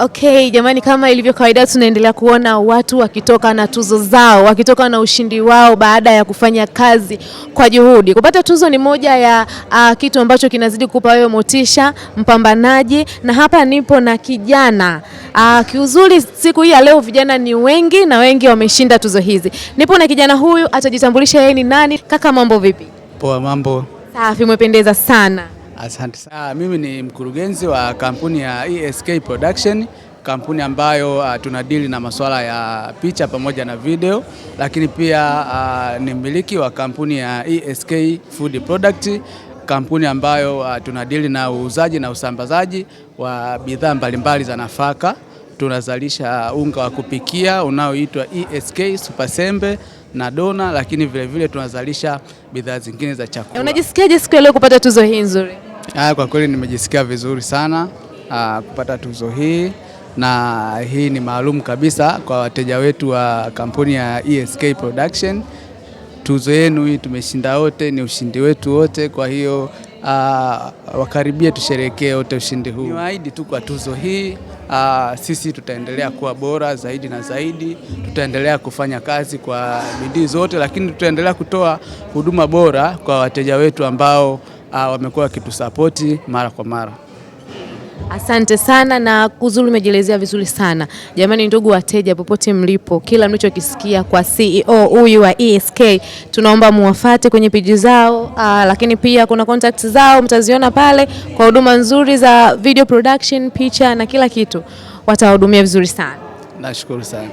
Okay, jamani, kama ilivyo kawaida tunaendelea kuona watu wakitoka na tuzo zao, wakitoka na ushindi wao baada ya kufanya kazi kwa juhudi. Kupata tuzo ni moja ya uh, kitu ambacho kinazidi kukupa wewe motisha, mpambanaji, na hapa nipo na kijana uh, kiuzuri, siku hii ya leo vijana ni wengi na wengi wameshinda tuzo hizi. Nipo na kijana huyu, atajitambulisha yeye ni nani. Kaka, mambo vipi? Poa. Mambo safi, umependeza sana. Asante sana. Ah, mimi ni mkurugenzi wa kampuni ya ESK Production, kampuni ambayo uh, ah, tunadili na masuala ya picha pamoja na video, lakini pia uh, ni mmiliki wa kampuni ya ESK Food Product, kampuni ambayo uh, tunadili na uuzaji na usambazaji wa bidhaa mbalimbali za nafaka. Tunazalisha unga wa kupikia unaoitwa ESK Super Sembe na dona, lakini vilevile vile tunazalisha bidhaa zingine za chakula. Unajisikiaje siku ya leo kupata tuzo hii nzuri? Ah, kwa kweli nimejisikia vizuri sana aa, ah, kupata tuzo hii na hii ni maalum kabisa kwa wateja wetu wa kampuni ya ESK Production. Tuzo yenu hii tumeshinda wote, ni ushindi wetu wote, kwa hiyo ah, wakaribie wakaribia tusherekee wote ushindi huu. Niwaahidi tu kwa tuzo hii aa, sisi tutaendelea kuwa bora zaidi na zaidi, tutaendelea kufanya kazi kwa bidii zote, lakini tutaendelea kutoa huduma bora kwa wateja wetu ambao Ah, wamekuwa wakitusapoti mara kwa mara. Asante sana na Kuzuri, umejielezea vizuri sana jamani. Ndugu wateja, popote mlipo, kila mlichokisikia kwa CEO huyu wa ESK, tunaomba muwafate kwenye peji zao aa, ah, lakini pia kuna contact zao mtaziona pale kwa huduma nzuri za video production, picha na kila kitu, watawahudumia vizuri sana. Nashukuru sana.